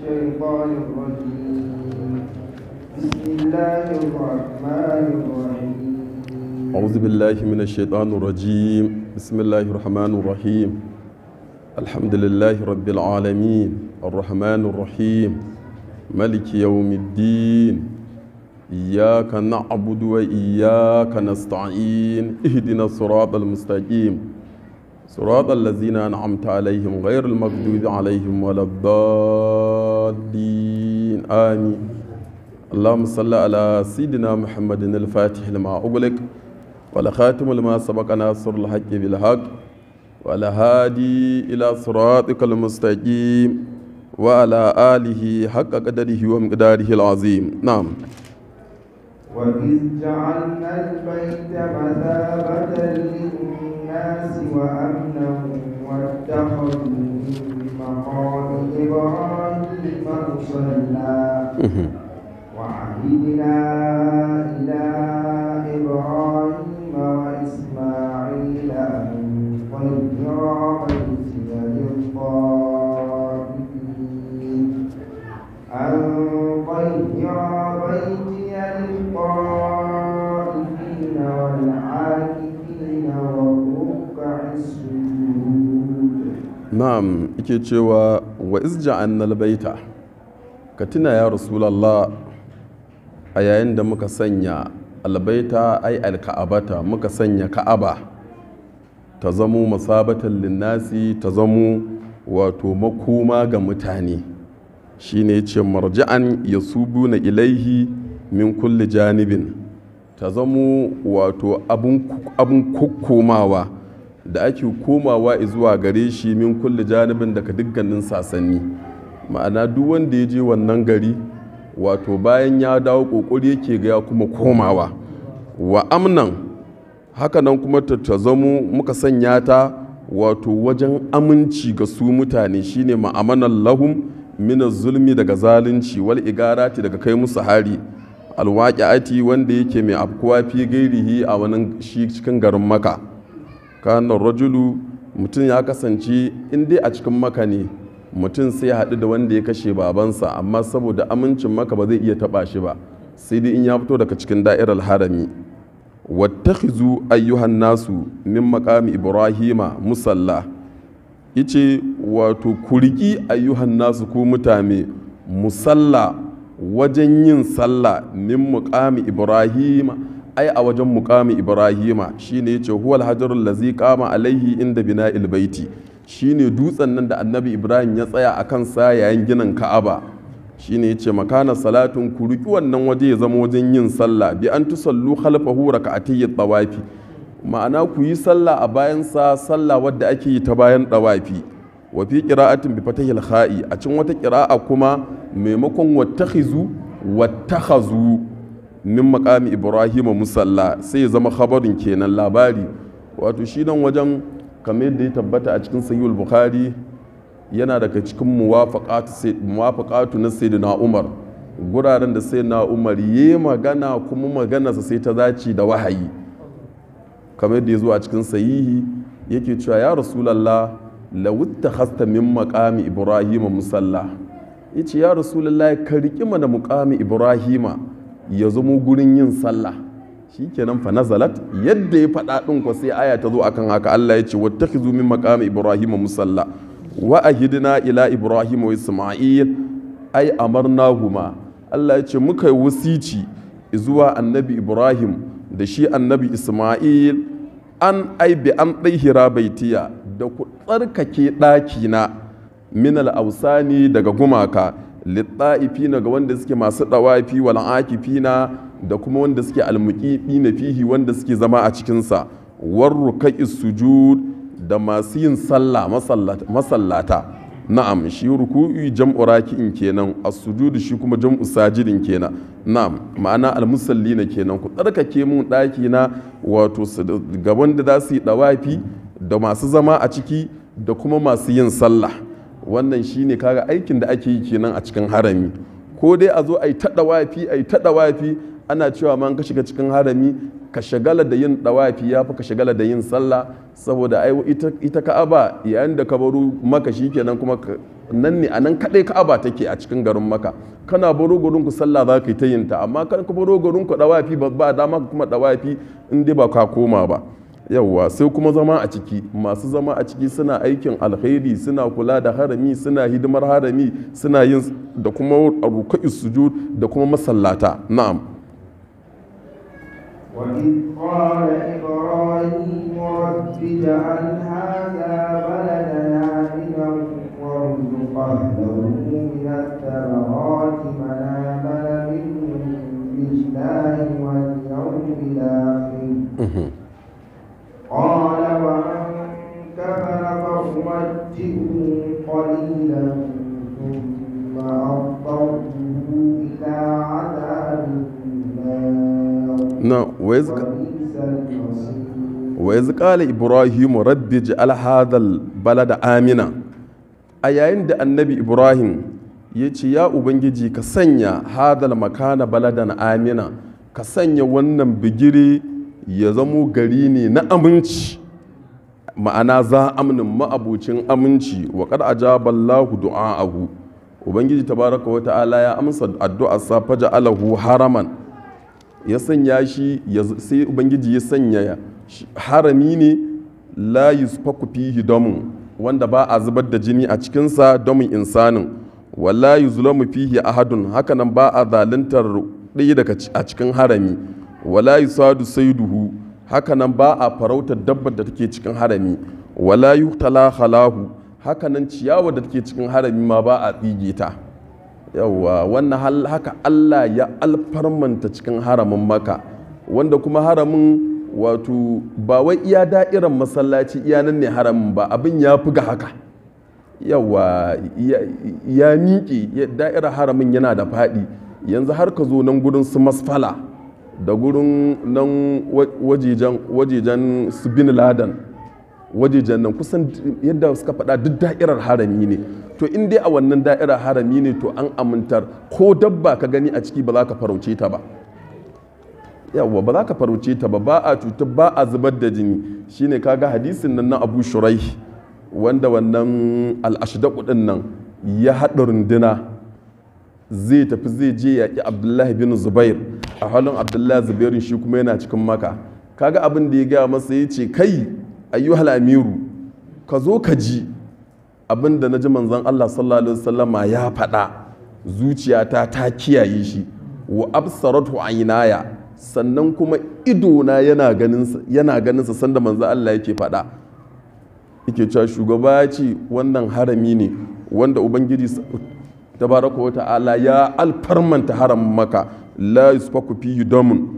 الشيطان الرجيم بسم الله الرحمن الرحيم أعوذ بالله من الشيطان الرجيم بسم الله الرحمن الرحيم الحمد لله رب العالمين الرحمن الرحيم ملك يوم الدين إياك نعبد وإياك نستعين اهدنا الصراط المستقيم صراط الذين أنعمت عليهم غير المغضوب عليهم ولا الضالين آمين اللهم صل على سيدنا محمد الفاتح لما أغلق والخاتم لما سبق ناصر الحق بالحق والهادي إلى صراطك المستقيم وعلى آله حق قدره ومقداره العظيم نعم وإذ جعلنا البيت مثابة للناس وأمنا واتخذوا من مقام إبراهيم مصلى وعهدنا إلى إبراهيم وإسماعيل أن طهرا na'am ike cewa wa izja an ka tuna ya rasulallah a yayin da muka sanya albaita ai alka'abata muka sanya ka'aba ta zamo masabatan linnasi ta zamo wato makoma ga mutane shine ce marja'an ya subu na ilaihi min kulli janibin ta zamo wato abun kukkomawa da ake komawa zuwa gare shi min kulle janibin daga dukkanin sasanni ma'ana duk wanda ya je wannan gari wato bayan ya dawo kokori yake ga kuma komawa wa amnan nan kuma ta zamo muka sanya ta wato wajen aminci ga su mutane shine ma'amanan lahum min zulmi daga zalunci wal igarati daga kai musu hari ati wanda yake mai afkuwa fi gairihi a wani shi cikin garin maka kanar rajulu mutum ya kasance in dai a cikin maka ne mutum sai ya haɗu da wanda ya kashe babansa amma saboda amincin maka ba zai iya taɓa shi ba sai dai in ya fito daga cikin da'irar harami wattakhizu ayyuhan nasu min maqami ibrahima musalla yace wato kurgi ayyuhan nasu ko mutane musalla wajen yin sallah min muqami ibrahima ai a wajen mukami ibrahima shine yace huwal hajarul lazi qama alaihi inda bina'il baiti shine dutsen nan da annabi ibrahim ya tsaya a kan sa yayin ginin ka'aba shine yace makana salatun ku riki wannan waje ya zama wajen yin sallah bi an tusallu khalfahu raka'atayyi tawafi ma'ana ku yi sallah a bayan sa sallah wadda ake yi ta bayan tawafi wa fi qira'atin bi fatahil kha'i a cikin wata qira'a kuma maimakon wattakhizu wattakhazu min makami ibrahima musalla sai ya zama khabarin kenan labari wato shi nan wajen kamar da ya tabbata a cikin sayyul bukhari yana daga cikin muwafaqatu na sayyidina umar guraren da sayyidina umar ya magana kuma magana maganarsa sai ta zaci da wahayi kamar yadda ya zo a cikin sahihi yake cewa ya rasulallah lawutta hasta min makami ibrahima musalla yace ya rasulallah ka riƙi mana mukami ibrahima ya zamo gurin yin sallah shikenan fa nazalat yadda ya faɗa ɗin ko sai aya ta zo akan haka Allah ya ce ki min makamu ibrahim musalla wa hidina ila ibrahim wa isma'il ai amarnahuma Allah ya ce muka yi wasici zuwa annabi ibrahim da shi annabi isma'il an ai bi an hira baitiya da ku tsarkake ɗakina min ausani daga gumaka litta'ifina ga wanda suke masu dawafi wal'akifina akifina da kuma wanda suke almuqifi na fihi wanda suke zama a cikin sa war rukai sujud da masu yin sallah masallata na'am shi ruku'i jam'u raki'in kenan as-sujud shi kuma jam'u sajidin kenan na'am ma'ana al na kenan ku tsarkake mun daki na wato gaban wanda za su yi dawafi da masu zama a ciki da kuma masu yin sallah wannan shine kaga aikin da ake yi kenan a cikin harami ko dai a zo a yi ta ɗawafi a yi ta ana cewa man ka shiga cikin harami ka shagala da yin ɗawafi ya fi ka shagala da yin sallah saboda ai ita ka'aba yayin da ka baro maka kenan kuma nan ne a nan kaɗai ka'aba take a cikin garin maka kana baro garin ku sallah za ka yi ta yin ta amma kan ka baro garin ku ɗawafi ba dama kuma ɗawafi in dai ba ka koma ba yawwa sai kuma zama a ciki masu zama a ciki suna aikin alkhairi suna kula da harami suna hidimar harami suna yin da kuma ruku'i sujud da kuma masallata na'am Mm-hmm. Ƙona ba ɗan ƙarafa kuma ciwon Bala da Amina. A yayin da Annabi Ibrahim ya ce ya Ubangiji ka sanya hadar makana Bala da Amina, ka sanya wannan bigirin. ya zamo gari ne na aminci ma'ana za amnin ma'abucin aminci wa kad ajaballahu du'a'ahu ubangiji ta baraka wa ta'ala ya amsa addu'a sa alahu haraman ya sanya shi sai ubangiji ya sanya harami ne la yusfaku fihi domin wanda ba a zubar da jini a cikinsa damun insanin wala yuzlamu a ahadun hakanan ba a zaluntar ɗaya daga a cikin harami wala sai saiduhu hakanan ba a farautar dabbar da take cikin harami wala tala halahu hakanan ciyawa da take cikin harami ma ba a tsige ta yawwa wannan haka Allah ya alfarmanta cikin haramin maka wanda kuma haramin wato ba wai iya da'irar masallaci iya nan ne haramin ba abin ya fi ga haka yawa ya miƙe da'irar haramin yana da faɗi yanzu har ka zo nan gudun su masfala da gurin nan wajijen bin laden wajijen nan kusan yadda suka faɗa duk da'irar harami ne to in dai a wannan da'irar harami ne to an amintar ko dabba ka gani a ciki ba za ka farauce ta ba yawwa ba za ka farauce ta ba ba a cuta ba a zubar da jini shine kaga hadisin nan na abu shurai wanda wannan al'ashida kudin nan ya haɗa runduna zai tafi zai je yaƙi abdullahi bin zubair a halin abdullahi zubairu shi kuma yana cikin maka kaga abin da ya gaya masa ya ce kai ayyuhal amiru ka zo ka ji abin da na ji manzan allah sallallahu alaihi wasallama ya faɗa zuciyata ta kiyaye shi wa absaratu ainaya sannan kuma idona yana ganin sa sanda manzan Allah yake faɗa yake cewa shugaba ya ce wannan harami ne wanda ubangiji tabaraka wa ta'ala ya alfarmanta haram maka la yusfaku fihi damun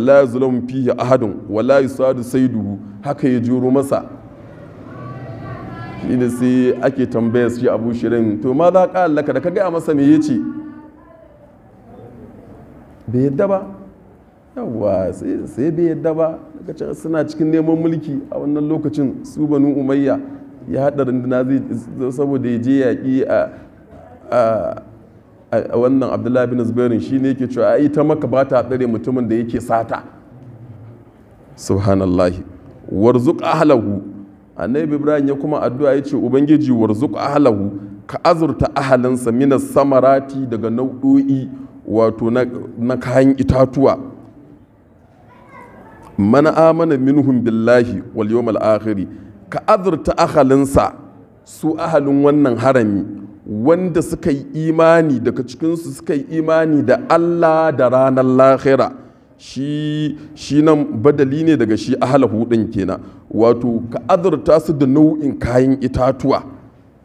la yuzlamu fihi ahadun la yusadu saiduhu haka ya juro masa shi ne sai ake tambaya shi abu shirin to ma za ka laka da ka gaya masa me ya ce bai yadda ba yawa sai bai yadda ba daga suna cikin neman mulki a wannan lokacin su banu umayya ya haɗa zai saboda ya je yaƙi a wannan abdullahi bin Zubairu shi ne ke cewa ai ta maka ba ta tsare mutumin da yake sata subhanallahi warzuk ahlahu annabi ibrahim ya kuma addu'a ya ce ubangiji warzuk ahlahu ka azurta ahalinsa mina samarati daga nau'o'i wato na kayan itatuwa mana amana minhum billahi wal yawmal akhir ka azurta ahalinsa su ahalin wannan harami wanda suka yi imani daga cikinsu suka yi imani da Allah da ranar lahira shi nan badali ne daga shi halahu ɗin kenan wato ka azurta su da nau'in kayan itatuwa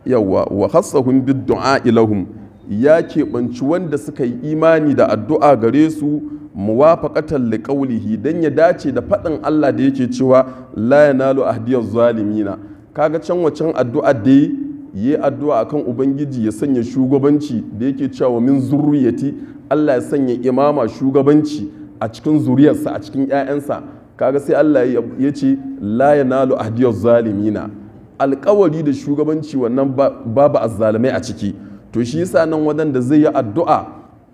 yawa wa hassahun bid du'a ilahum ya keɓanci wanda suka yi imani da addu'a gare su muwafaqatan liqaulihi dan ya dace da faɗin Allah da yake cewa la yanalu ahdiyaz zalimina kaga can wacan addu'a da yi addu'a akan ubangiji ya sanya shugabanci da yake cewa min zurriyati Allah ya sanya imama shugabanci a cikin zuriyarsa a cikin 'ya'yansa kaga sai Allah ya ce la yanalu ahdiyar zalimina alkawari da shugabanci wannan babu azzalumai a ciki to shi yasa nan wadanda zai yi addu'a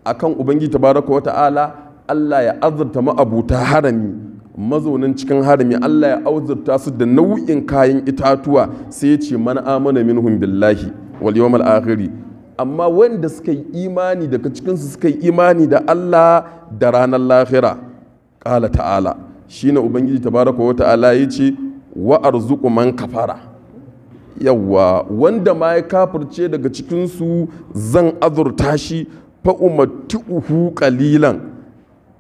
akan ubangiji ta tabaraka wata'ala Allah ya azurta ma'abuta harami mazaunin cikin harami Allah ya auzurta su da nau'in kayan itatuwa sai ce man amana minhum billahi wal yawmal akhiri amma wanda suka yi imani daga cikin su suka yi imani da Allah da ranar lahira qala ta'ala shine ubangiji tabaraka wa ta'ala yace wa arzuqu man kafara yawa wanda ma ya kafirce daga cikin su zan azurta shi fa umattuhu qalilan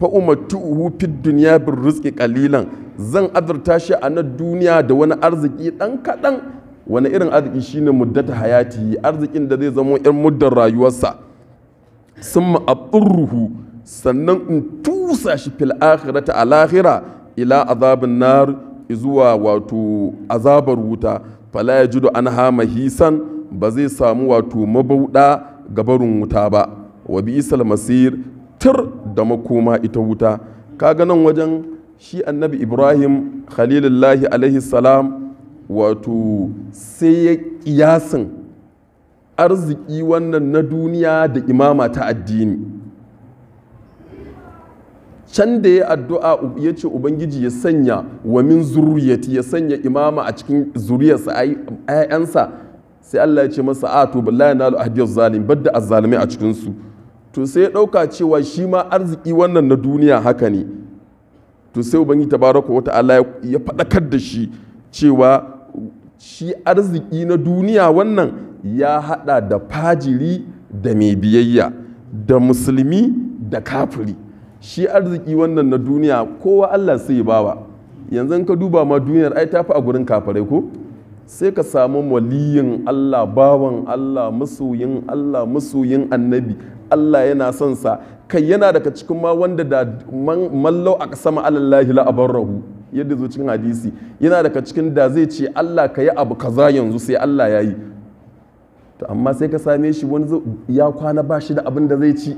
fa umattuhu duniya bin bir kalilan zan azurta shi a nan duniya da wani arziki dan kaɗan wani irin arziki shine muddata hayati arzikin da zai zama yan muddar rayuwarsa summa abturruhu sannan in tusa shi fil akhirati a lahira ila azabin nar zuwa wato azabar wuta fala an hama hisan ba zai samu wato mabauɗa gabarin wuta ba wa bi isal masir tur da makoma ita wuta kaga nan wajen shi annabi ibrahim khalilullahi alaihi salam wato sai ya kiyasin arziki wannan na duniya da imama ta addini can da ya addu'a ya ce ubangiji ya sanya wa min zuriyati ya sanya imama a cikin zuriyarsa ayyansa sai allah ya ce masa a to billahi na al'adiyar zalim badda azzalimai a cikinsu to sai ya ɗauka cewa shi ma arziki wannan na duniya haka ne to sai ubangi tabaraka wata allah ya faɗakar da shi cewa shi arziki na duniya wannan ya haɗa da fajiri da mai biyayya da musulmi da kafiri shi arziki wannan na duniya kowa allah sai ya bawa yanzu ka duba ma duniyar ai tafi a gurin kafirai ko sai ka samu waliyin Allah bawan Allah masoyin Allah masoyin annabi Allah yana son sa kai yana daga cikin ma wanda da mallau a sama alallahi la abarrahu yadda zo cikin hadisi yana daga cikin da zai ce Allah ka yi abu kaza yanzu sai Allah ya yi to amma sai ka same shi wani ya kwana ba shi da abin da zai ci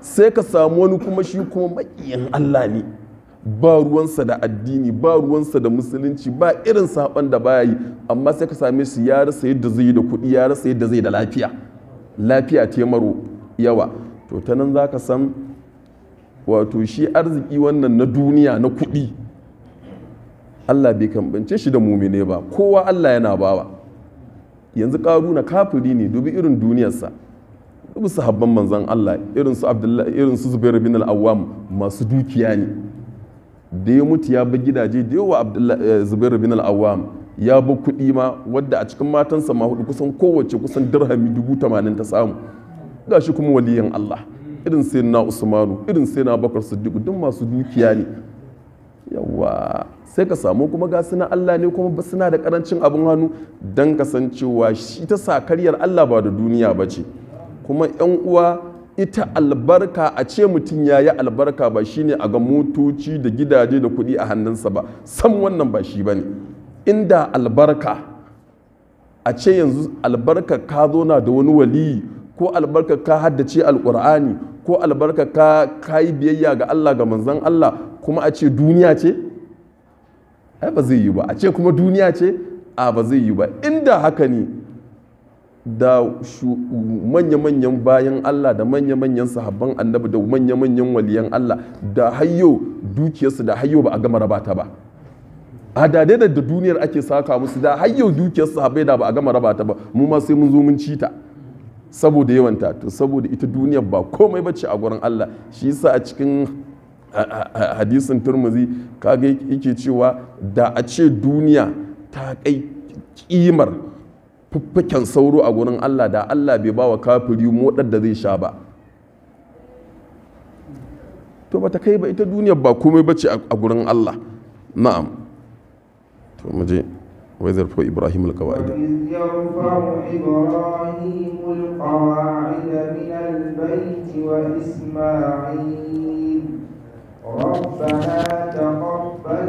sai ka samu wani kuma shi kuma maƙiyin Allah ne ba ruwansa da addini ba ruwansa da musulunci ba irin saban da baya yi amma sai ka same shi ya rasa yadda zai yi da kuɗi ya rasa yadda zai da lafiya lafiya ce yawa to ta nan za ka san wato shi arziki wannan na duniya na kuɗi allah bai kambance shi da mumine ba kowa allah yana bawa yanzu na kafiri ne dubi irin duniyarsa dubi su habban manzan allah irin su bin al masu dukiya ne da ya mutu ya bi gidaje da yawa eh, zubair bin al ya bi kuɗi ma wadda a cikin matansa ma hudu kusan kowace kusan dirhami dubu tamanin ta samu gashi kuma waliyan Allah irin sai na Usmanu irin sai na Bakar Siddiq duk masu dukiya ne yawa sai ka samu kuma ga suna Allah ne kuma ba suna da karancin abin hannu dan kasancewa shi ta sakaryar Allah ba da duniya ba ce kuma yan uwa ita albarka a ce mutum ya yi albarka ba shine a ga motoci da gidaje da kuɗi a hannunsa ba san wannan ba shi ba ne inda albarka a ce yanzu albarka ka zo na da wani waliyi ko albarka ka haddace alkur'ani ko albarka ka yi biyayya ga Allah ga manzon Allah kuma a ce duniya ce ai ba zai yi ba a ce kuma duniya ce a ba zai yi ba inda haka ne da manya-manyan bayan Allah da manya-manyan sahabban annabi da manya-manyan waliyan Allah da hayo dukiyarsu da hayo ba a gama rabata ba adane da duniyar ake saka musu da har yau dukiyar sahabbai da ba a gama raba ta ba mu ma sai mun zo mun ci ta saboda yawan ta saboda ita duniyar ba komai bace a gurin Allah shi yasa a cikin hadisin turmuzi kaga yake cewa da a ce duniya ta kai kimar fuffaken sauro a gurin Allah da Allah bai bawa wa kafiri moɗar da zai sha ba to bata kai ba ita duniyar ba komai bace a gurin Allah na'am to mu je wai zarfo ibrahim ibrahim alqawaid min albayt wa isma'il ربنا تقبل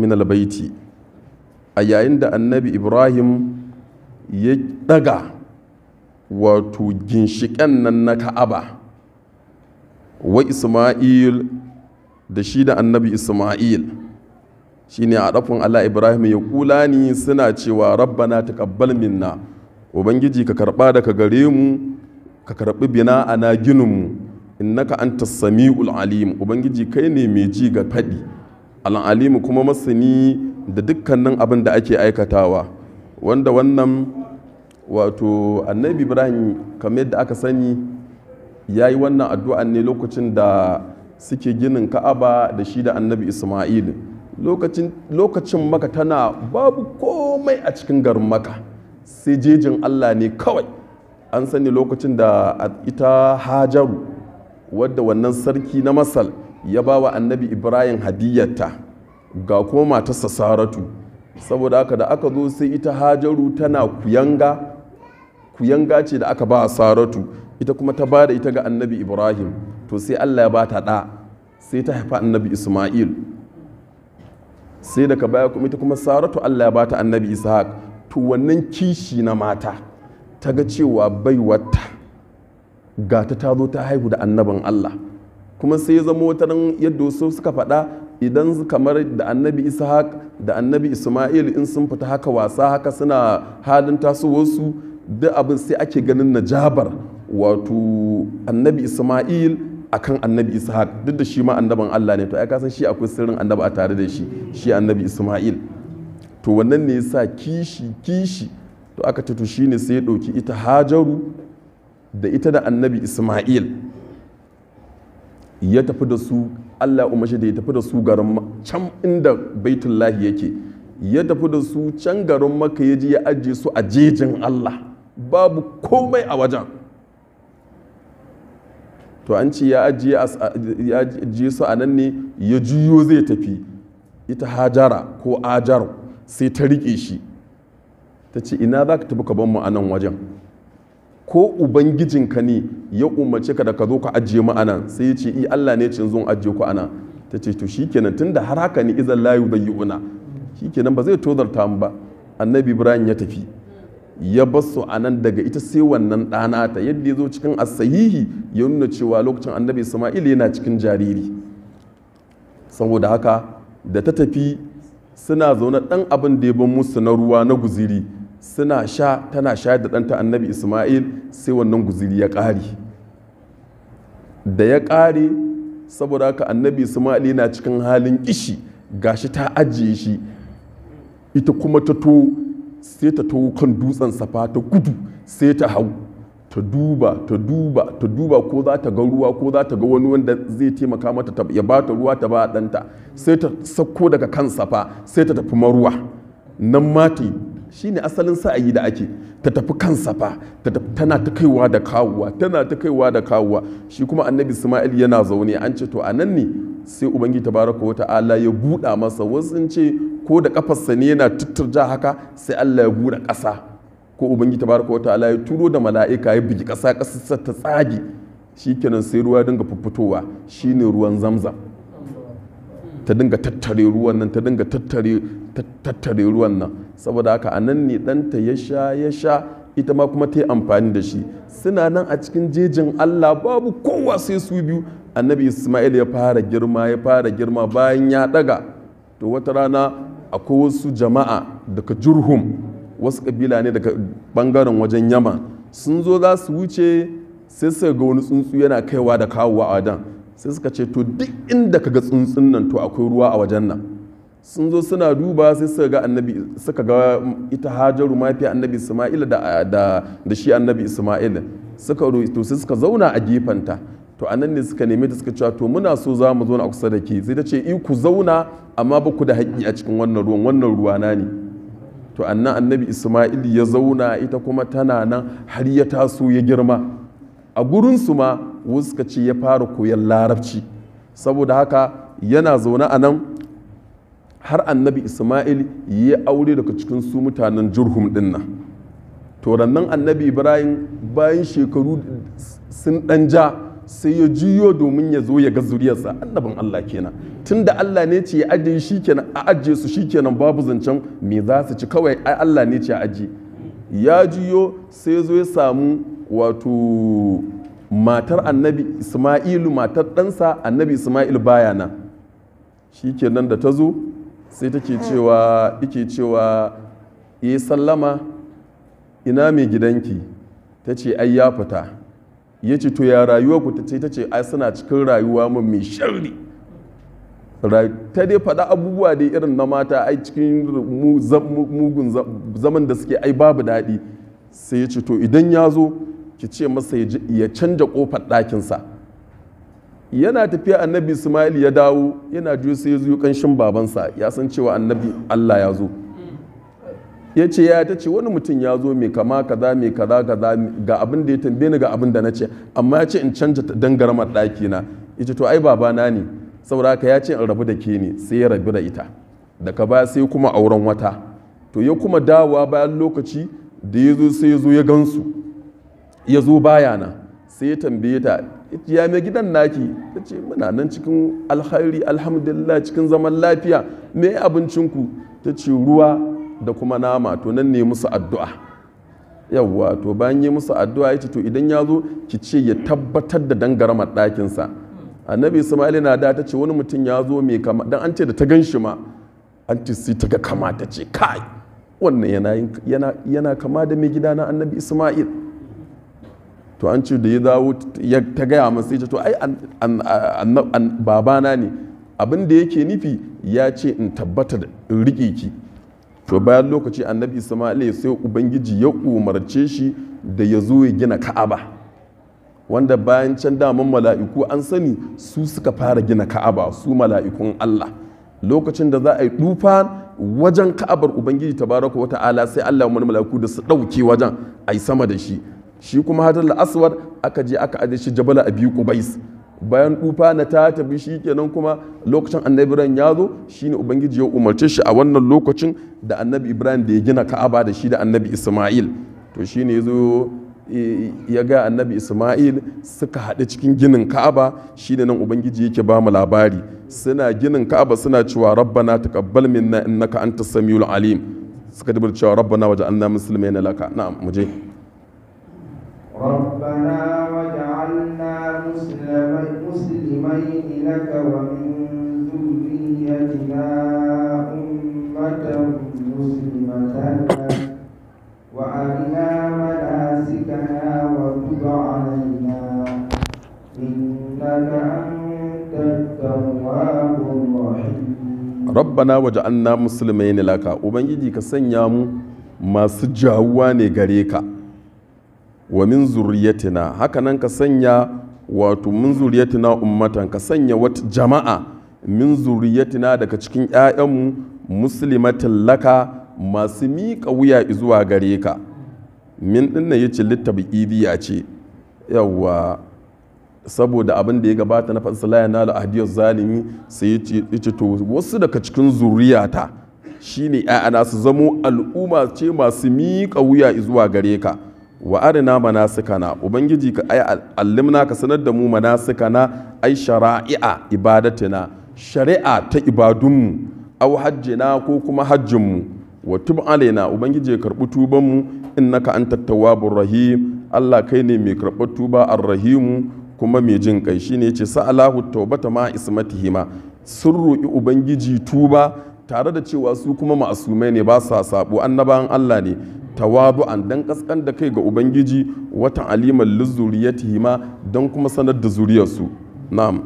منا a yayin da annabi ibrahim ya ɗaga. wato ginshiƙen nan na ka'aba wa isma'il da shi da annabi isma'il shi ne a ɗafin allah ibrahim ya kula ni suna cewa rabbana taqabbal minna ubangiji ka karɓa daga gare mu ka karɓi bina a na ginin gininmu innaka anta sami'ul alim ubangiji kai ne mai ji ga faɗi al'alimu kuma masani da dukkanin abin da ake aikatawa wanda wannan wato annabi ibrahim kamar da aka sani ya yi wannan addu'an ne lokacin da suke ginin ka'aba da shi da annabi isma'il lokacin maka tana babu komai a cikin garin maka sai jejin allah ne kawai an sani lokacin da ita hajaru wadda wannan sarki na masal ya ba wa annabi ibrahim hadiyyarta ga koma matarsa saratu saboda haka da aka zo sai ita hajaru tana kuyanga kuyanga ce da aka ba saratu ita kuma ta ba ita ga annabi ibrahim to sai allah ya ba ta ɗa sai ta haifa annabi isma'il sai daga baya kuma ita kuma saratu allah ya ba ta annabi ishaq to wannan kishi na mata ta ga cewa bai baiwata ga ta zo ta haihu da annaban allah kuma sai ya zama wata yadda wasu suka faɗa idan kamar da annabi ishaq da annabi isma'il in sun fita haka wasa haka suna halin tasowarsu duk abin sai ake ganin najabar wato annabi isma'il akan annabi ishaq duk da shi ma annaban allah ne to ya kasan shi akwai sirrin annaba a tare da shi shi annabi isma'il to wannan ne yasa kishi kishi to aka ce to ne sai ya ɗauki ita hajaru da ita da annabi isma'il ya tafi da su allah umarshi da ya tafi da su garin can inda baitullahi yake ya tafi da su can garin maka ya je ya ajiye su a jejin allah babu komai a wajen to an ce ya ajiye su a nan ne ya juyo zai tafi ita hajara ko ajar sai ta riƙe shi ta ce ina za ka tafi ka mu a nan wajen ko ubangijinka ne ya umarce ka da ka zo ka ajiye mu nan sai ya ce i eh, Allah ne cin zon ajiye ku ta ce to shi tun da har haka ne izan layu shi shikenan ba zai tozarta mu ba annabi Ibrahim ya tafi ya basu a nan daga ita sai wannan ɗana ta yadda ya zo cikin asahihi ya nuna cewa lokacin annabi isma'il yana cikin jariri saboda haka da ta tafi suna zaune ɗan abin da ya ban musu na ruwa na guziri suna sha tana sha da ɗanta annabi isma'il sai wannan guziri ya ƙare da ya ƙare saboda haka annabi isma'il yana cikin halin ishi gashi ta ajiye shi ita kuma ta to sai ta taho kan dutsen safa ta gudu sai ta hau ta duba ta duba ta duba ko za ta ga ruwa ko za ta ga wani wanda zai taimaka mata ya yaba ta ruwa ta ba ɗanta sai ta sako daga kan safa sai ta tafi maruwa nan mati shine asalin sa'ayi da ake ta tafi kan safa tana ta kaiwa da kawuwa tana ta kaiwa da kawuwa shi kuma annabi isma'il yana zaune an ce to a nan ne sai ubangi tabaraka wata ta'ala ya buɗa masa wasu ce ko da kafarsa ne yana tutturja haka sai Allah ya gura ƙasa ko ubangiji wata ala ya turo da mala'ika ya bugi ƙasa ƙasar ta tsage kenan sai ruwa dinga fuffutowa shine ruwan zamzam ta dinga tattare ruwan nan ta dinga tattare tattare ruwan nan saboda haka anan ne ɗanta ya sha ya sha ita ma kuma ta yi amfani da shi suna nan a cikin jejin Allah babu kowa sai su biyu annabi Ismail ya fara girma ya fara girma bayan ya daga to wata rana akwai wasu jama'a daga jurhum wasu kabila ne daga bangaren wajen yama sun zo za su wuce sai suka ga wani tsuntsu yana kaiwa da kawowa a wajen sai suka ce to duk inda ka ga tsuntsun nan to akwai ruwa a wajen nan sun zo suna duba sai suka ga annabi suka ga ita hajaru mafi annabi isma'ila da da shi annabi isma'ila suka to sai suka zauna a gefenta to anan ne suka neme ta suka cewa to muna so za mu zauna a kusa da ke sai ta ce i ku zauna amma ba ku da haƙƙi a cikin wannan ruwan wannan ruwa na ne to annan annabi isma'il ya zauna ita kuma tana nan har ya taso ya girma a gurinsu ma wasu suka ce ya fara koyan larabci saboda haka yana zaune a nan har annabi isma'il ya yi aure daga cikin su mutanen jurhum din nan to annabi ibrahim bayan shekaru sun ɗan ja sai ya juyo domin ya zo ya ga zuriyarsa annabin Allah kenan tunda Allah ne ce ya ajiye shi kenan a ajiye su shi kenan babu zancen me za su ci kawai ai Allah ne ce ya ajiye ya juyo sai zo ya samu wato matar annabi Isma'ilu matar ɗansa annabi isma'il baya nan shi kenan da ta zo sai take cewa yake cewa ya sallama ina mai gidanki ta ce ai ya fita ya ce to ya rayuwa ku ta ce ta ce ai suna cikin rayuwa mu mai sharri ta dai faɗa abubuwa dai irin na mata ai cikin mugun zaman da suke ai babu daɗi sai ya ce to idan ya zo ki ce masa ya canja ƙofar ɗakinsa yana tafiya annabi ismail ya dawo yana juyo sai ya zo kanshin babansa ya san cewa annabi allah ya zo ya ce ya ta ce wani mutum ya zo mai kama kaza mai kaza kaza ga abin da ya tambaye ni ga abin da na ce amma ya ce in canja dangaramar ɗaki na ya ce to ai babana ne saboda ka ya ce in rabu da ke ne sai ya rabu da ita daga ba sai kuma auren wata to ya kuma dawowa bayan lokaci da ya zo sai ya zo ya gansu ya zo bayana sai ya tambaye ta ya mai gidan naki ta ce muna nan cikin alkhairi alhamdulillah cikin zaman lafiya me abincinku ta ce ruwa da kuma nama to nan ne musu addu'a yawwa to bayan yi musu addu'a ya ce to idan ya zo ki ce ya tabbatar da dangaramar ɗakinsa annabi ismail na da ta ce wani mutum ya zo mai kama dan an ce da ta gan shi ma an ce sai ta ga kama ta ce kai wannan yana kama da mai gida na annabi ismail to an ce da ya dawo ta gaya masa ya to ai babana ne abin da yake nufi ya ce in tabbata da in riƙe ki to bayan lokaci annabi isma'il sai ubangiji ya umarce shi da ya zo ya gina ka'aba wanda bayan can damar mala'iku an sani su suka fara gina ka'aba su mala'ikun allah lokacin da za a yi dufa wajen ka'abar ubangiji ta tabaraka wata ala sai allah wani mala'iku da su ɗauke wajen a yi sama da shi shi kuma hadar aswad aka je aka aje shi jabala jabal abi kubais bayan dufa na ta tafi shi kenan kuma lokacin annabi ibrahim ya zo shine ubangiji ya umarce shi a wannan lokacin da annabi ibrahim da ya gina ka'aba da shi da annabi isma'il to shine ya zo e, ya ga annabi isma'il suka haɗa cikin ginin ka'aba shi ne nan ubangiji yake ba mu labari suna ginin ka'aba suna cewa rabbana taqabbal minna innaka antas samiul alim suka dubar cewa rabbana waja'alna muslimaina laka na'am muje البيت لك ومن ذريتنا أمة مسلمة وأرنا مناسكنا وتب علينا إنك أنت التواب الرحيم ne laka ubangiji ka sanya mu masu jawuwa ne gare ka wa min zurriyatina hakanan ka sanya wato min zuriyatina ummatan ka sanya wata jama'a min zuriyatina daga cikin 'ya'yanmu muslimatin laka masu miƙa wuya zuwa gare ka min dinna na yace littabi idiya ce yawwa saboda abin da ya gabata na fasalaya na al'adiyar zalimi sai ya ce to wasu daga cikin zuriyata shine 'ya'yana su zamo al'umma ce masu miƙa wuya zuwa gare ka wa arina manasikana ubangiji ka ay allimna ka sanar da mu manasikana ai shara'i'a ibadatina shari'a ta ibadunmu au hajjina ko kuma mu wa tub alaina ubangiji ya karbi tuban mu innaka anta tawwabur rahim Allah kai ne mai karɓar tuba arrahim kuma mai jin kai shine yace alahu tawbata ma ismatihima sun roki ubangiji tuba tare da cewa su kuma ma'asumai ne ba sa sabo annabawan Allah ne an dan kaskan da kai ga ubangiji watan aliman lizuriyatihi ma dan kuma sanar da zuriyarsu na'am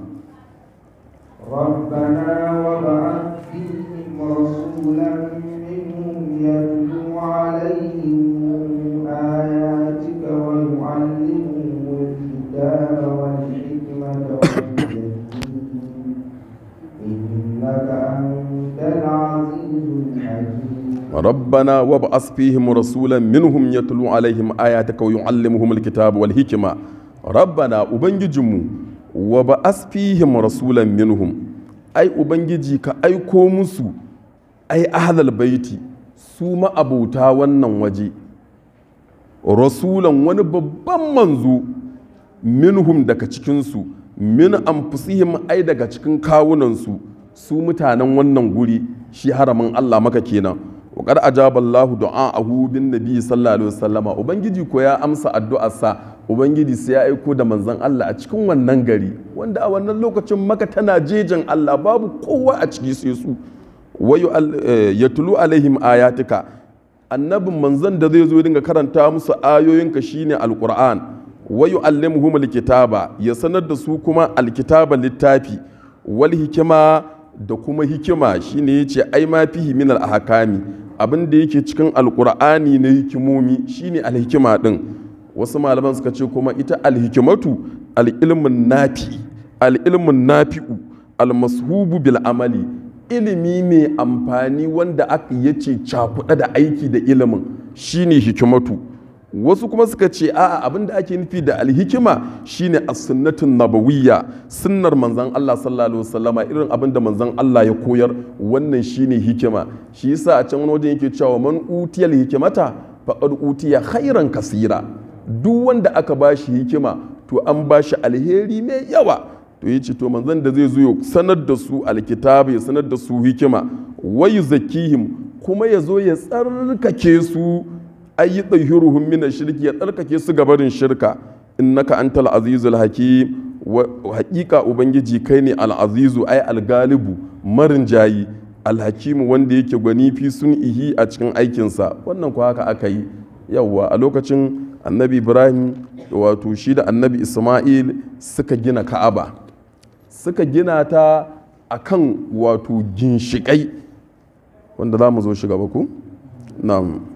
ربنا فيهم رسولا منهم يتلو عليهم آياتك ويعلمهم الكتاب ربنا وابعث فيهم رسولا منهم يتلو عليهم آياتك ويعلمهم الكتاب والحكمة ربنا أبنججم وابعث فيهم رسولا منهم أي أبنججي كأي كومسو أي أهل البيت سوما أبوتا وننوجي rasulan wani babban manzo منهم daga cikinsu min anfusihim ai daga cikin kawunansu su mutanen wannan guri shi haramin Allah maka kenan wa qad ajaba Allahu du'a'ahu bin nabi sallallahu alaihi wasallama ubangiji ko ya amsa addu'arsa ubangiji sai ya aiko da manzon Allah a cikin wannan gari wanda a wannan lokacin maka tana jejin Allah babu kowa a ciki sai su wayu eh, yatlu alaihim ayatika annabin manzon da zai zo dinga karanta musu ayoyinka shine alquran wayu allimuhum alkitaba ya sanar da su kuma alkitaba littafi wal hikima da kuma hikima shine ce ai ma fihi min al ahkami abin da yake cikin alqur'ani na hikimomi shine al hikima din wasu malaman suka ce kuma ita alhikimatu, hikimatu al ilmun nafi al nafi'u al mashubu bil amali ilimi mai amfani wanda aka yace cakuɗa da aiki da ilimin shine hikimatu wasu kuma suka ce a'a abin da ake nufi da alhikima shine a sunnatin nabawiyya sunnar manzan Allah sallallahu alaihi wasallama irin abin da manzan Allah ya koyar wannan shine hikima shi yasa a can wani wajen yake cewa man utiyal hikimata faqad utiya khairan kasira duk wanda aka bashi hikima to an bashi alheri mai yawa to yace to manzan da zai zo ya sanar da su alkitabi ya sanar da su hikima wayu zakihim kuma ya zo ya tsarkake su ay yi min mina shirki ya tsarkake su gabarin shirka innaka antal azizul hakim haƙiƙa ubangiji kai ne al-azizu ay al-galibu marinjayi al-hakimu wanda yake gwani fi sun'ihi a cikin aikinsa wannan ko haka aka yi yawwa a lokacin annabi ibrahim wato shi da annabi isma'il suka gina ka'aba suka gina ta a kan wato ginshiƙai wanda za mu zo shiga ba ku? na'am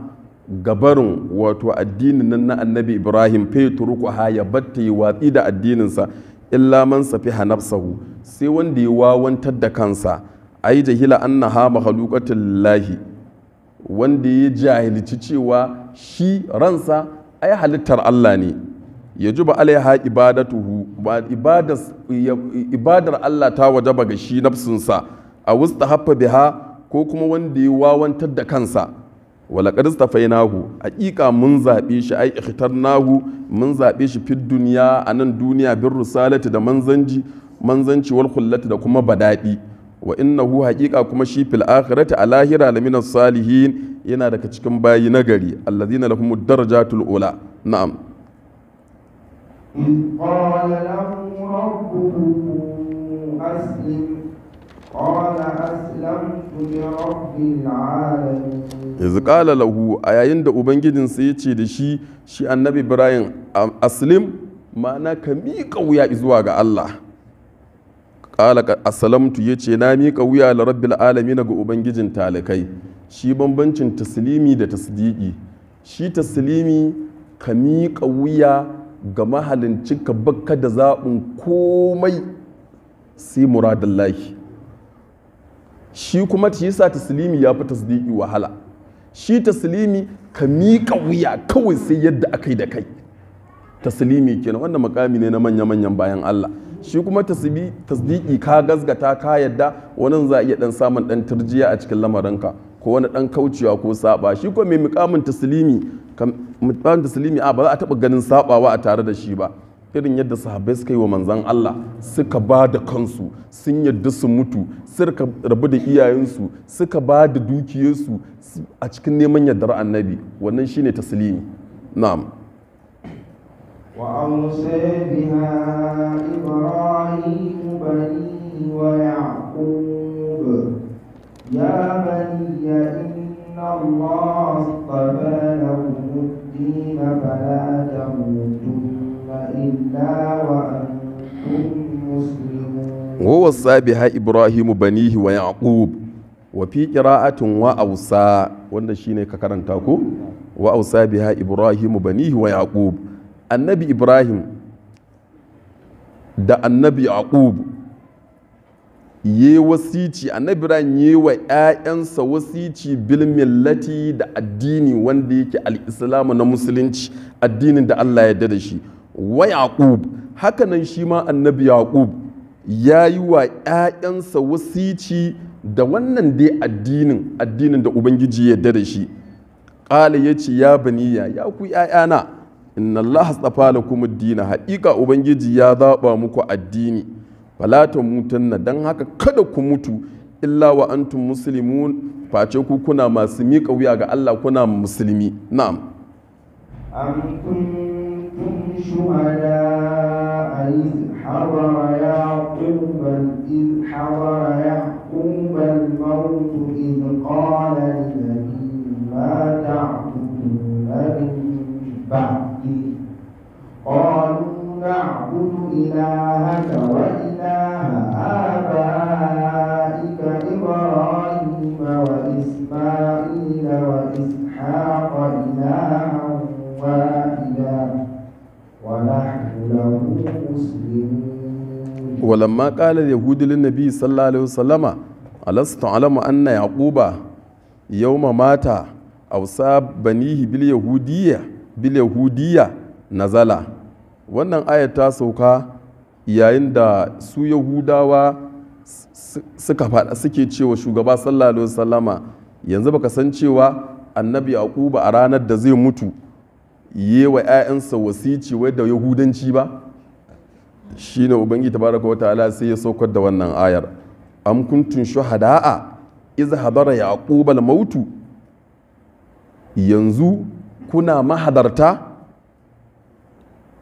gabarin wato addinin nan na annabi ibrahim feturu ku ha ya batta yi watsi da addininsa illa man safiha nafsahu sai wanda ya wawantar da kansa ai jahila annaha makhluqatul lahi wanda ya jahilci cewa shi ransa ai halittar Allah ne Ya alaiha ibadatuhu ba ibadar Allah ta wajaba ga shi nafsunsa, a wusta haffa biha ko kuma wanda ya wawantar da kansa walaƙar stafainahu haƙiƙa mun zaɓe shi ai ikhtarnahu mun zaɓe shi fid duniya a nan duniya bin risalati da manzanci manzanci wal khullati da kuma badaɗi wa innahu hakika kuma shi fil akhirati a lahira lamina salihin yana daga cikin bayi nagari allazina lahum darajatul ula na'am قال له ربه أسلم Yanzu ƙala lahu a yayin da ubangijinsa أيين ya ce da shi annabi النبي إبراهيم ma'ana ka miƙa wuya zuwa ga Allah ƙala asalamtu ya ce na miƙa wuya la rabbil alami ga ubangijin talakai shi bambancin taslimi da tasdiki shi taslimi ka miƙa wuya ga mahalin cika bakka da zaɓin komai sai lahi shi kuma shi yasa taslimi ya fi tasdiki wahala shi taslimi ka miƙa wuya kawai sai yadda aka yi da kai taslimi ke wanda makami ne na manya-manyan bayan Allah shi kuma tasdiki ka gazgata ka yadda wani za a iya ɗan samun ɗan turjiya a cikin lamarinka ko wani dan kaucewa ko saba shi kuma mai mukamin taslimi a ba za a taba ganin sabawa a tare da shi ba irin yadda sahabai suka yi wa manzan Allah suka ba da kansu sun yadda su mutu suka rabu da iyayensu suka ba da dukiyarsu a cikin neman yardar annabi wannan shine taslimi na'am وأوصى ya إبراهيم بنيه ويعقوب ya بني إن الله اصطفى لكم الدين da تموتن إلا وأنتم مسلمون ووصى بها إبراهيم بنيه ويعقوب وفي قراءة وأوصى وأن شيني ككرن تاكو وأوصى بها إبراهيم بنيه ويعقوب النبي إبراهيم da annabi yaqub yi wasici annabi ran yi wa 'ya'yansa wasici bil millati da addini wanda yake al'islamu na musulunci addinin da allah ya da shi wa yaqub hakanan shi ma annabi yaqub ya yi wa ‘ya'yansa wasici da wannan dai addinin addinin da ubangiji ya da shi ƙala ya ce ya baniya ya ku ‘ya'yana inna Allah tsafa kuma dina haƙiƙa ubangiji ya zaɓa muku addini mutan mutanna don haka kada ku mutu illa wa antum muslimun face ku kuna masu miƙa wuya ga Allah kuna musulmi na'am كنتم شهداء إذ حضر يعقوب إذ حضر يعقوب الموت إذ قال لأبيه ما تعبدون من بعدي قالوا نعبد إلهك وإله آبائك إبراهيم وإسماعيل وإسحاق إلها واحدا ولما قال اليهود للنبي صلى الله عليه وسلم ألست تعلم أن يعقوب يوم مات ساب بنيه باليهودية باليهودية نزلا wannan aya ta sauka yayin da su yahudawa suka faɗa suke cewa shugaba sallallahu alaihi wasallama yanzu baka san cewa annabi yaquba a ranar da zai mutu yi wa 'ya'yansa wasici wadda yahudanci ba shi ne ubangi ta baraka wata ala sai ya saukar da wannan ayar am shahada'a? Iza iz hadara ƙubal mautu yanzu kuna mahadarta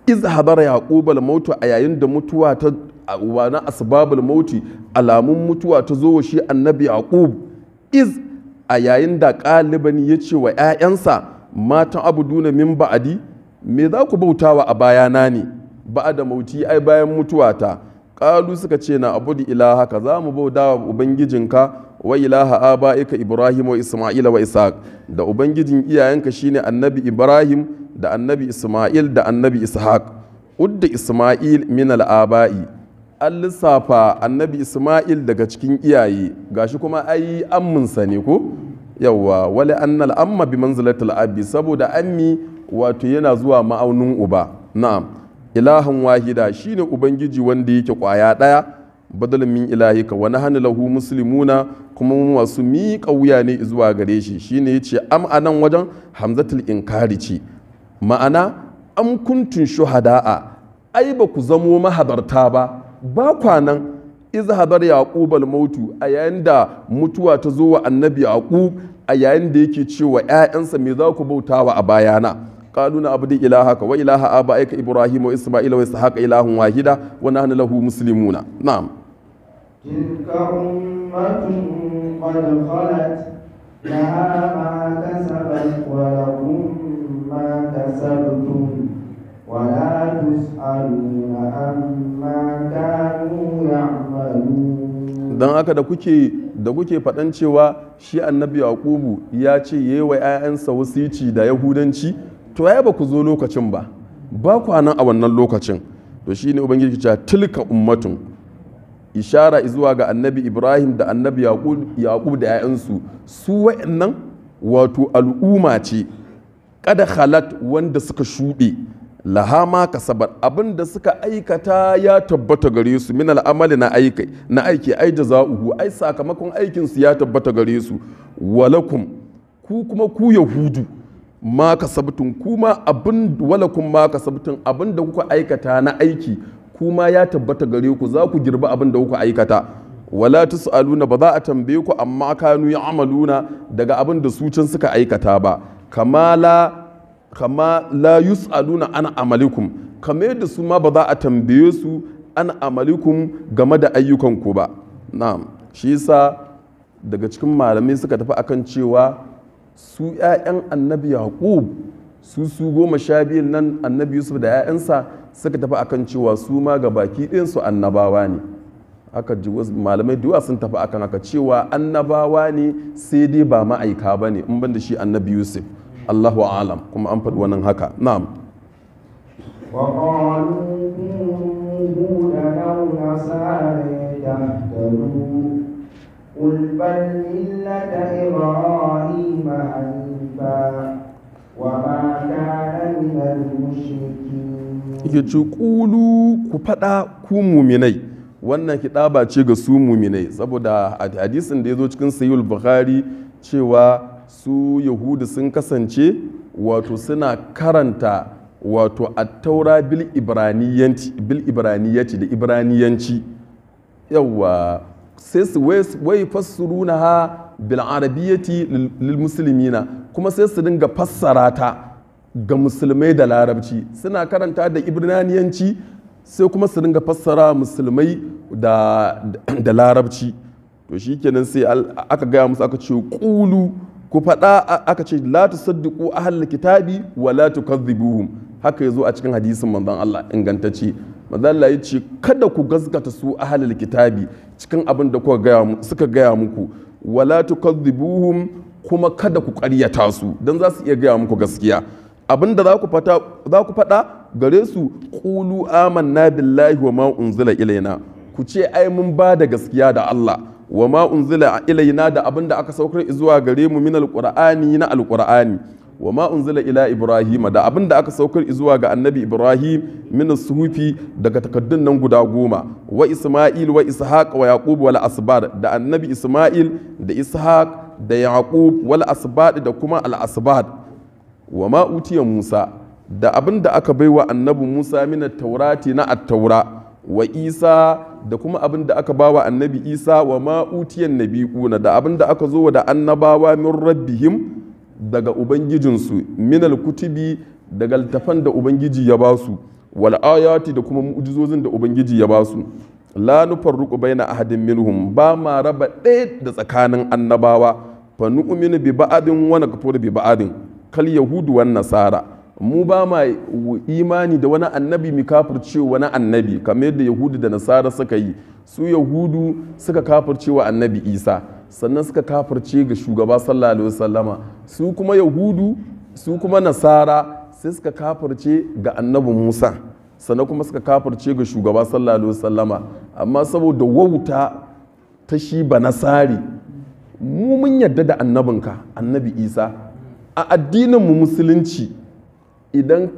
iza hadara ƙubal mautu a yayin da mutuwa ta wani asbabul mauti alamun mutuwa ta zo shi annabi ƙub iz a yayin da ƙaliban ya ce wa 'ya'yansa matan abu duna min ba'adi me za ku bautawa a bayana ne da mauti ai bayan mutuwata ƙalu suka ce na da ilaha ka za mu bauta wa ubangijinka wa ilaha aba'ika ibrahim wa isma'ila wa isaac da ubangijin iyayenka shine annabi ibrahim da annabi isma'il da annabi ishaq udda isma'il min al'aba'i an lissafa annabi isma'il daga cikin iyaye gashi kuma ai amminsa ne ko yawwa wale annal amma bi manzilatul abi saboda ammi wato yana zuwa ma'aunin uba na'am ilahan wahida shine ubangiji wanda yake kwaya daya badal min ilahika wa nahnu lahu muslimuna kuma wasu masu miƙa wuya ne zuwa gare shi shine yace am anan wajen hamzatul inkari ce ma'ana am kuntun shuhada'a ai ba ku zamo mahabarta ba ba kwanan izhabar yaqub al mautu a yayin da mutuwa ta zo wa annabi yaqub a yayin da yake cewa ƴaƴansa me za ku bautawa wa a bayana qalu na abdi ilaha ka wa ilaha aba ayka ibrahim wa isma'il wa ishaq ilahun wahida wa nahnu lahu muslimuna na'am tilka ummatun qad khalat laha ma kasabat wa lakum ma kasabtum ولا تسألون عما كانوا يعملون don haka da kuke da kuke faɗan cewa shi annabi yaqubu ya ce yayi wa 'ya'yansa wasici da yahudanci to ya ba ku zo lokacin ba ba ku nan a wannan lokacin to shine ubangiji ta tilka ummatun ishara zuwa ga annabi ibrahim da annabi yaqub da 'ya'yansu su wa'annan wato al'umma ce kada khalat wanda suka shuɗe lahama kasabar abin da suka aikata ya tabbata gare su min al'amali na aiki na aiki ai jaza'uhu ai sakamakon aikin su ya tabbata gare su walakum ku kuma ku yahudu ma kasabtun kuma abin walakum ma kasabtun abin kuka aikata na aiki kuma ya tabbata gare ku za ku girba abin kuka aikata wala tusaluna ba za a tambaye ku amma kanu ya amaluna daga abinda da su can suka aikata ba kamala kama la yus'aluna an amalikum kama yadda su ma ba za a tambaye su an amalikum game da ayyukanku ba na'am shi yasa daga cikin malamai suka tafi akan cewa su 'ya'yan annabi yaqub su su goma sha biyu nan annabi yusuf da 'ya'yansa suka tafi akan cewa su ma ga baki ɗin su annabawa ne aka ji malamai duwa sun tafi akan haka cewa annabawa ne sai dai ba ma'aika ba ne in ban da shi annabi yusuf Allahu alam kuma an faɗi wannan haka na'am ya ce ƙulu ku faɗa ku muminai wannan hidaba ce ga su muminai saboda a hadisin da ya zo cikin sayul bukhari cewa su yahudi sun kasance wato suna karanta wato attaura bil ibraniyanci bil ibraniyanci da ibraniyanci yawa sai su wai na ha bil arabiyyati lil musulmina kuma sai su dinga fassara ta ga musulmai da larabci suna karanta da ibraniyanci sai kuma su dinga fassara musulmai da larabci to shikenan sai aka gaya musu aka ce kulu ku faɗa aka ce la a ahlul kitabi wa la tukadhibuhum haka yazo a cikin hadisin manzon Allah ingantacce manzon Allah ce kada ku gaskata su ahlul kitabi cikin abin da kuka gaya suka gaya muku wa la tukadhibuhum kuma kada ku ƙaryata su dan za su iya gaya muku gaskiya abin da za ku faɗa gare su ƙulu amanna billahi wa ma unzila ilaina ku ce ai mun ba da gaskiya da Allah wa ma unzila ilaina da abin da aka saukar zuwa gare mu min alqur'ani na alqur'ani wa ma unzila ila ibrahima da abin da aka saukar zuwa ga annabi ibrahim min suhufi daga takaddun nan guda goma wa isma'il wa ishaq wa yaqub wal asbar da annabi isma'il da ishaq da yaqub wal asbad da kuma al asbad wa ma utiya musa da abin da aka baiwa annabi musa min taurati na at-taura wa isa da kuma abin da aka bawa annabi isa wa ma'utiyan na da abin da aka zo da annabawa min rabbihim daga ubangijinsu minal kutubi daga littafan da ubangiji ya basu wal ayati da kuma mu'jizozin da ubangiji ya ba basu la nufarriqu baina ahadin minhum ba ma raba ɗaya da tsakanin annabawa fa nu'minu bi ba'adin wa nakfuru bi ba'adin kal yahudu wan nasara mu ba ma imani da wani annabi mu kafirce wani annabi kamar yadda yahudu da nasara suka yi su yahudu suka kafirce wa annabi isa sannan suka kafirce ga shugaba sallallahu alaihi wasallama su kuma yahudu su kuma nasara sai suka kafirce ga annabi musa sannan kuma suka kafirce ga shugaba sallallahu alaihi wasallama amma saboda wauta ta shi ba nasari mu mun yarda da annabinka annabi isa a addinin mu musulunci idan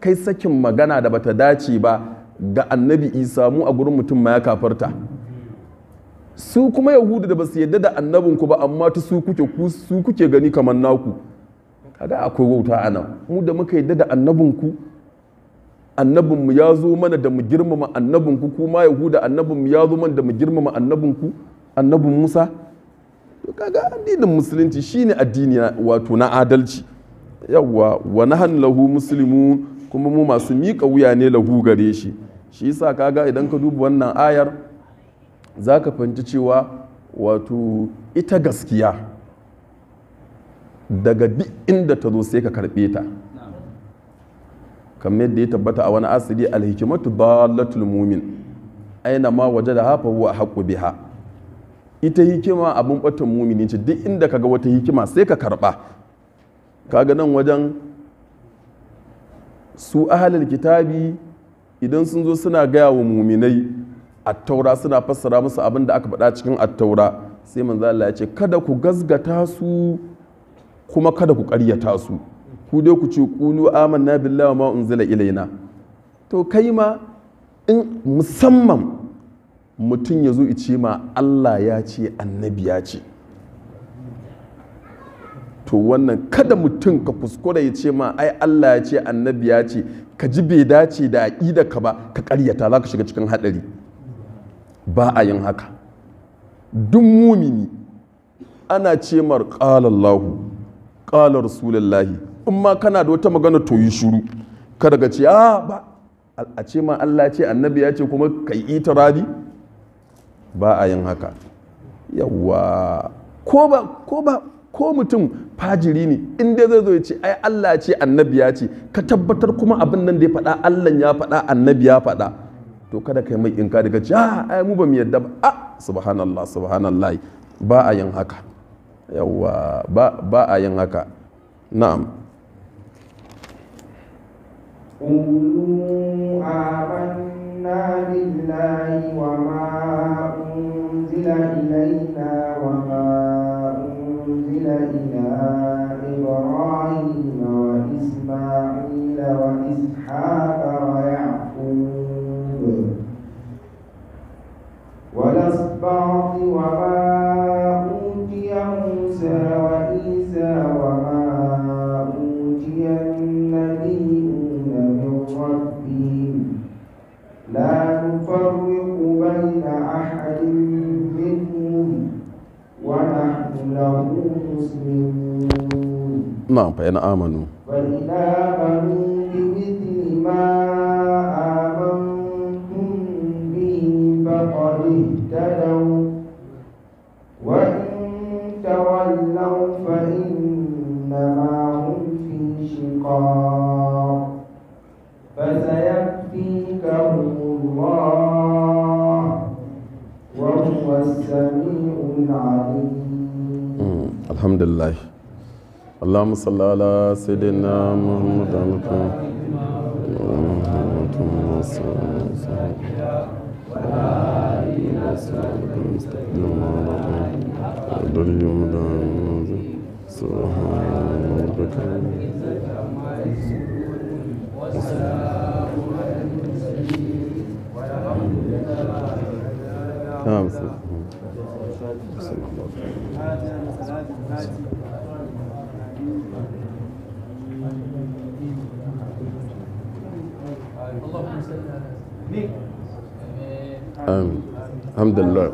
kai sakin magana da bata dace ba ga annabi isa mu a gurin mutum ma ya kafarta su kuma yahudu da ba su yadda da annabinku ba amma ta su kuke su kuke gani kamar naku kaga akwai wauta a nan mu da muka yadda da annabinku mu ya zo mana da mu girmama annabinku kuma yahuda mu ya zo mana da mu girmama ku annabin musa kaga addinin musulunci shine addini wato na adalci yawwa wa nahan lahu muslimun kuma mu masu miƙa wuya ne lahu gare shi shi yasa kaga idan ka duba wannan ayar zaka fahimci cewa wato ita gaskiya daga duk inda ta zo sai ka karɓe ta kamar yadda ya tabbata a wani asiri alhikimatu dalatul mumin aina ma waje da hafa wa haƙu biha ita hikima abin batun mumini ce duk inda ka ga wata hikima sai ka karɓa kaga nan wajen su ahalar kitabi idan sun zo suna gaya wa muminai attaura suna fassara musu abin da aka faɗa cikin attaura sai manzo Allah ya ce kada ku gazgata su kuma kada ku ƙaryata su ku dai ku ce qulu amanna billahi ma unzila ilaina to kai ma in musamman mutum ya zo ice ma Allah ya ce annabi ya ce to wannan kada mutum ka kuskura ya ce ma ai Allah ya ce annabi ya ce ka ji bai dace da aƙida ka ba ka ƙaryata za ka shiga cikin haɗari ba a yin haka duk mumini ana ce mar ƙalallahu ƙalar ƙala in ma kana da wata magana to yi shuru kada ka ce a ba a ce ma Allah ce annabi ya ce kuma ka yi itirabi ba a yin haka yawwa ko ba ko ba ko mutum fajiri ne in dai zai zo ya ce ai Allah ce annabi ya ce ka tabbatar kuma abin nan da ya faɗa Allah ya faɗa annabi ya faɗa to kada kai mai in ka daga ce ah, ai mu ba mu yadda ba a ah, subhanallah subhanallah ba a yin haka yawa ba ba a yin haka na'am قولوا آمنا بالله وما أنزل إلينا وما إلى إبراهيم وإسماعيل وإسحاق ويعقوب وما أوتي موسى وإيسى وما هم مسلمون نعم فإن آمنوا اللهم صل على سيدنا محمد Tamam. Bismillahirrahmanirrahim. Um, alhamdulillah.